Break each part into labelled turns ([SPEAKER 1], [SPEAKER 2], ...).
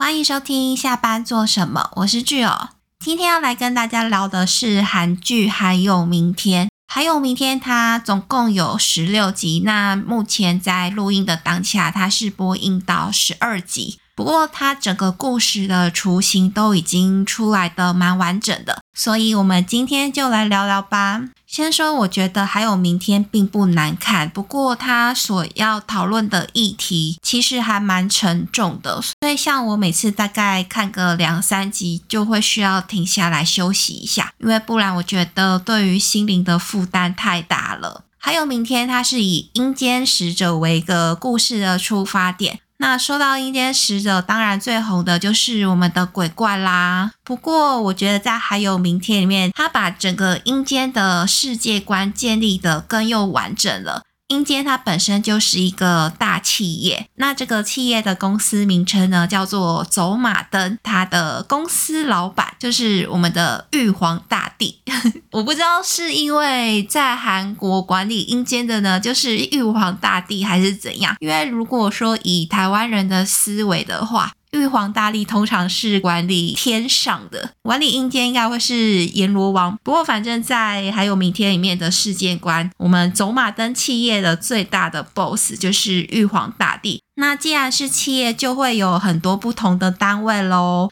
[SPEAKER 1] 歡迎收聽下班做什麼？我是巨哦，今天要來跟大家聊的是韓劇《還有明天》。《還有明天》它總共有十六集，那目前在錄音的當下，它是播映到十二集。不過，它整個故事的雛形都已經出來的蠻完整的，所以我們今天就來聊聊吧。先說，我覺得還有明天並不難看，不過它所要討論的議題其實還蠻沉重的，所以像我每次大概看個兩三集就會需要停下來休息一下，因為不然我覺得對於心靈的負擔太大了。還有明天，它是以陰間使者為一個故事的出發點。那說到陰間使者，當然最紅的就是我們的鬼怪啦。不過我覺得在還有明天裡面，他把整個陰間的世界觀建立得更又完整了。陰間它本身就是一個大。企業，那這個企業的公司名稱呢，叫做走馬燈。他的公司老闆就是我們的玉皇大帝。 我不知道是因為在韓國管理陰間的呢，就是玉皇大帝，還是怎樣？因為如果說以台灣人的思維的話，玉皇大帝通常是管理天上的，管理陰間應該會是閻羅王。不過反正，在還有明天裡面的世界觀，我們走馬燈企業的最大的 boss 就是玉皇大帝。那既然是企業，就會有很多不同的單位嘍。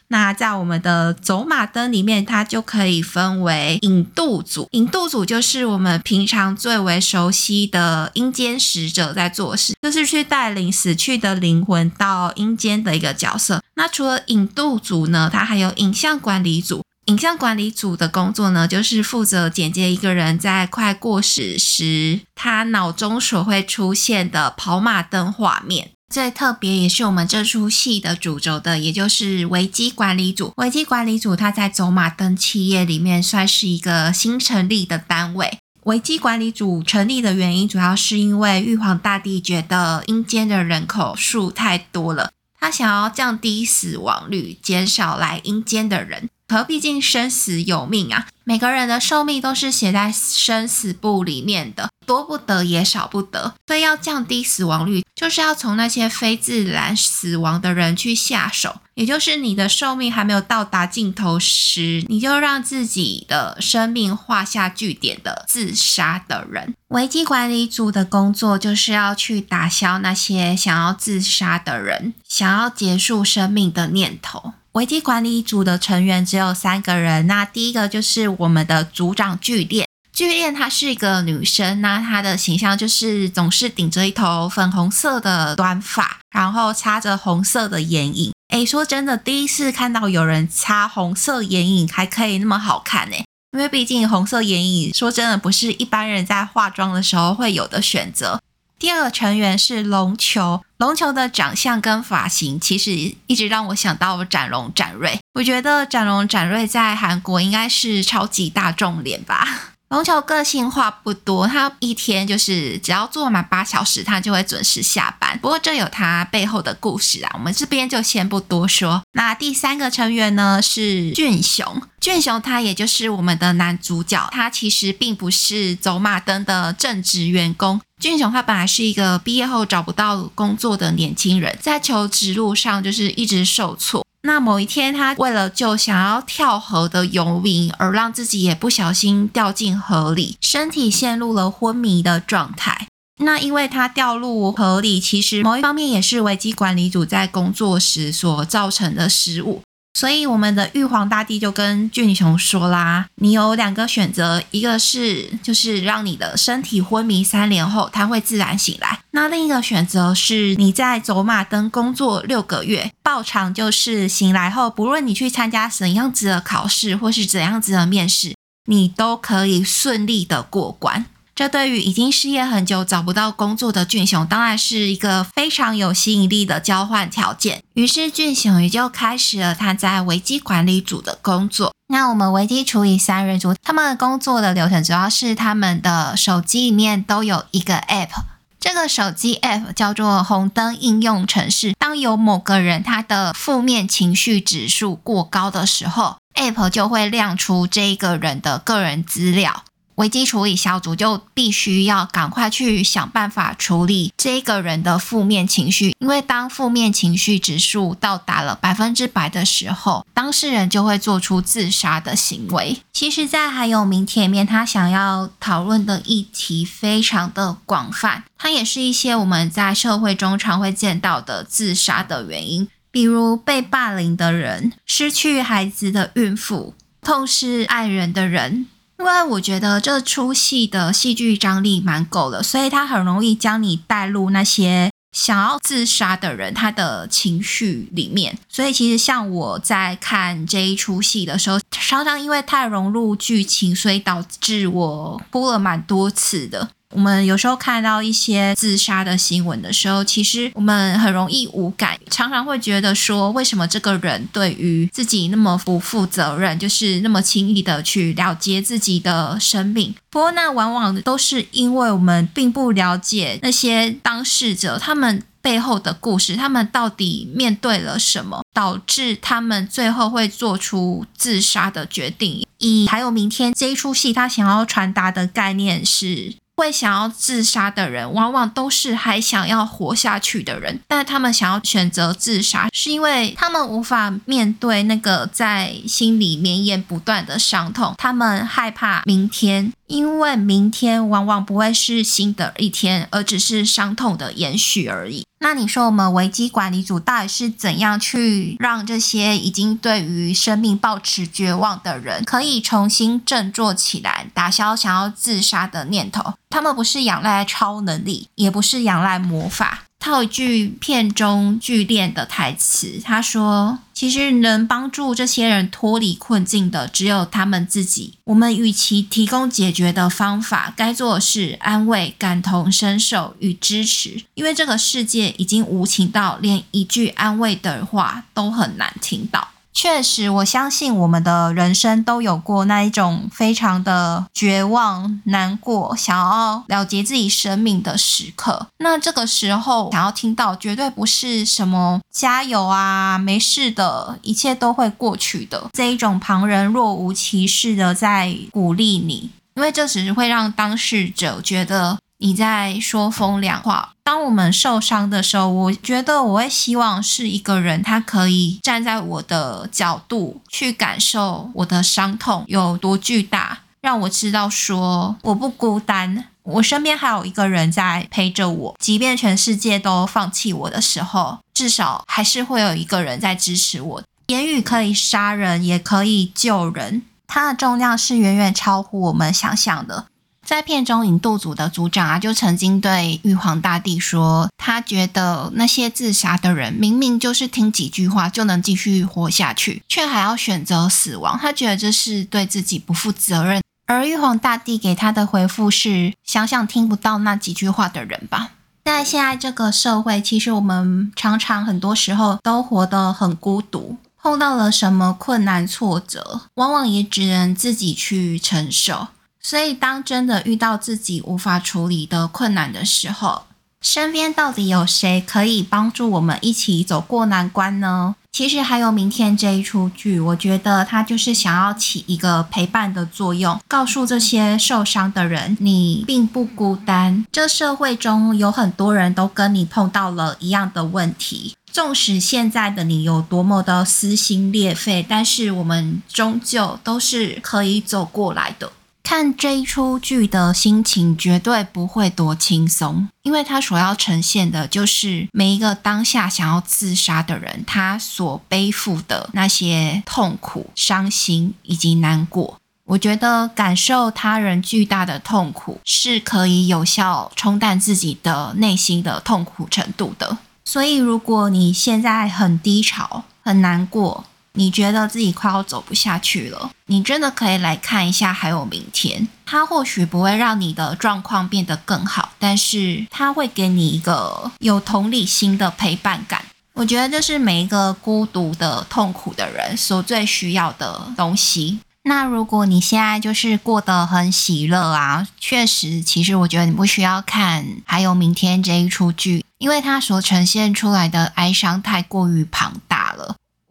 [SPEAKER 1] 那在我們的走馬燈裡面，它就可以分為引渡組。引渡組就是我們平常最為熟悉的陰間使者在做事，就是去帶領死去的靈魂到陰間的一個角色。那除了引渡組呢，它還有影像管理組。影像管理組的工作呢，就是負責剪接一個人在快過世時，他腦中所會出現的跑馬燈畫面。最特別也是我們這出戲的主軸的，也就是危機管理組。危機管理組它在走馬燈企業裡面算是一個新成立的單位。危機管理組成立的原因，主要是因為玉皇大帝覺得陰間的人口數太多了，他想要降低死亡率，減少來陰間的人。可畢竟生死有命啊，每個人的壽命都是寫在生死簿裡面的，多不得也少不得。所以要降低死亡率，就是要從那些非自然死亡的人去下手，也就是你的壽命還沒有到達盡頭時，你就讓自己的生命畫下句點的自殺的人。危機管理組的工作就是要去打消那些想要自殺的人，想要結束生命的念頭。危機管理組的成員只有三個人，那第一個就是我們的組長巨戀。巨戀她是一個女生，那她的形象就是總是頂着一頭粉紅色的短髮，然後擦着紅色的眼影。誒、欸、說真的，第一次看到有人擦紅色眼影還可以那麼好看呢？、欸，因為畢竟紅色眼影說真的不是一般人在化妝的時候會有的選擇。第二個成員是龍球，龍球的長相跟髮型其實一直讓我想到展榮展瑞。我覺得展榮展瑞在韓國應該是超級大眾臉吧。龍球個性話，不多，他一天就是只要做滿八小時，他就會準時下班。不過，這有他背後的故事啊，我們這邊就先不多說。那第三個成員呢，是俊雄，俊雄他也就是我們的男主角，他其實並不是走馬燈的正職員工。俊雄他本來是一個畢業後找不到工作的年輕人，在求職路上就是一直受挫。那某一天，他為了救想要跳河的游民，而讓自己也不小心掉進河裡，身體陷入了昏迷的狀態。那因為他掉入河裡，其實某一方面也是危機管理組在工作時所造成的失誤。所以我們的玉皇大帝就跟俊雄說啦：“你有兩個選擇，一個是就是讓你的身體昏迷三年後，他會自然醒來；那另一個選擇是，你在走馬燈工作六個月。”報償，就是醒來後，不論你去參加怎樣子的考試或是怎樣子的面試，你都可以順利的過關。這對於已經失業很久、找不到工作的俊雄當然是一個非常有吸引力的交換條件。於是俊雄也就開始了他在危機管理組的工作。那我們危機處理三人組，他們的工作的流程主要是他們的手機裡面都有一個 App。這個手機 App 叫做紅燈應用程式。當有某個人他的負面情緒指數過高的時候，App 就會亮出這個人的個人資料。危機處理小組就必須要趕快去想辦法處理這個人的負面情緒，因為當負面情緒指數到達了百分之百的時候，當事人就會做出自殺的行為。其實，在還有明天裡面，他想要討論的議題非常的廣泛，它也是一些我們在社會中常會見到的自殺的原因，比如被霸凌的人、失去孩子的孕婦、痛失愛人的人。因為我覺得這齣戲的戲劇張力蠻夠的，所以它很容易將你帶入那些想要自殺的人他的情緒裡面。所以其實像我在看這一齣戲的時候，常常因為太融入劇情，所以導致我哭了蠻多次的。我們有時候看到一些自殺的新聞的時候，其實我們很容易無感，常常會覺得說，為什麼這個人對於自己那麼不負責任，就是那麼輕易的去了結自己的生命？不過，那往往都是因為我們並不了解那些當事者他們背後的故事，他們到底面對了什麼，導致他們最後會做出自殺的決定。一還有明天這一出戲，他想要傳達的概念是。會想要自殺的人，往往都是還想要活下去的人，但他們想要選擇自殺，是因為他們無法面對那個在心裡綿延不斷的傷痛，他們害怕明天，因為明天往往不會是新的一天，而只是傷痛的延續而已。那你說，我們危機管理組到底是怎樣去讓這些已經對於生命抱持絕望的人，可以重新振作起來，打消想要自殺的念頭？他們不是仰賴超能力，也不是仰賴魔法。套一句片中具蓮的台詞，他說：“其實能幫助這些人脫離困境的，只有他們自己。我們與其提供解決的方法，該做的是安慰、感同身受與支持，因為這個世界已經無情到連一句安慰的話都很難聽到。”確實，我相信我們的人生都有過那一種非常的絕望、難過，想要了結自己生命的時刻。那這個時候，想要聽到絕對不是什麼“加油啊，沒事的，一切都會過去的”這一種旁人若無其事的在鼓勵你，因為這只是會讓當事者覺得你在說風涼話。當我們受傷的時候，我覺得我會希望是一個人，他可以站在我的角度去感受我的傷痛有多巨大，讓我知道說我不孤單，我身邊還有一個人在陪着我。即便全世界都放棄我的時候，至少還是會有一個人在支持我。言語可以殺人，也可以救人，它的重量是遠遠超乎我們想象的。在片中，引渡組的組長啊，就曾經對玉皇大帝說：“他覺得那些自殺的人，明明就是聽幾句話就能繼續活下去，卻還要選擇死亡，他覺得這是對自己不負責任。”而玉皇大帝給他的回覆是：“想想聽不到那幾句話的人吧。”在現在這個社會，其實我們常常很多時候都活得很孤獨，碰到了什麼困難挫折，往往也只能自己去承受。所以，當真的遇到自己無法處理的困難的時候，身邊到底有誰可以幫助我們一起走過難關呢？其實還有明天這一出劇，我覺得它就是想要起一個陪伴的作用，告訴這些受傷的人，你並不孤單。這社會中有很多人都跟你碰到了一樣的問題。縱使現在的你有多麼的撕心裂肺，但是我們終究都是可以走過來的。看這一齣劇的心情絕對不會多輕鬆，因為他所要呈現的就是每一個當下想要自殺的人，他所背負的那些痛苦、傷心以及難過。我覺得感受他人巨大的痛苦是可以有效沖淡自己的內心的痛苦程度的。所以，如果你現在很低潮、很難過，你覺得自己快要走不下去了，你真的可以來看一下《還有明天》。它或許不會讓你的狀況變得更好，但是它會給你一個有同理心的陪伴感。我覺得這是每一個孤獨的、痛苦的人所最需要的東西。那如果你現在就是過得很喜樂啊，確實，其實我覺得你不需要看《還有明天》這一出劇，因為它所呈現出來的哀傷太過於龐大。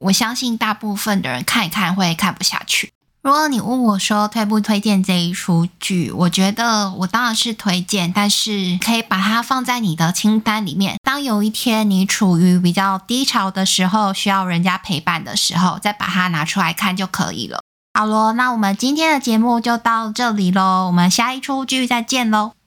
[SPEAKER 1] 我相信大部分的人看一看會看不下去。如果你問我說，推不推薦這一出劇，我覺得我當然是推薦，但是可以把它放在你的清單裡面。當有一天你處於比較低潮的時候，需要人家陪伴的時候，再把它拿出來看就可以了。好咯，那我們今天的節目就到這裡嘍，我們下一出劇再見嘍。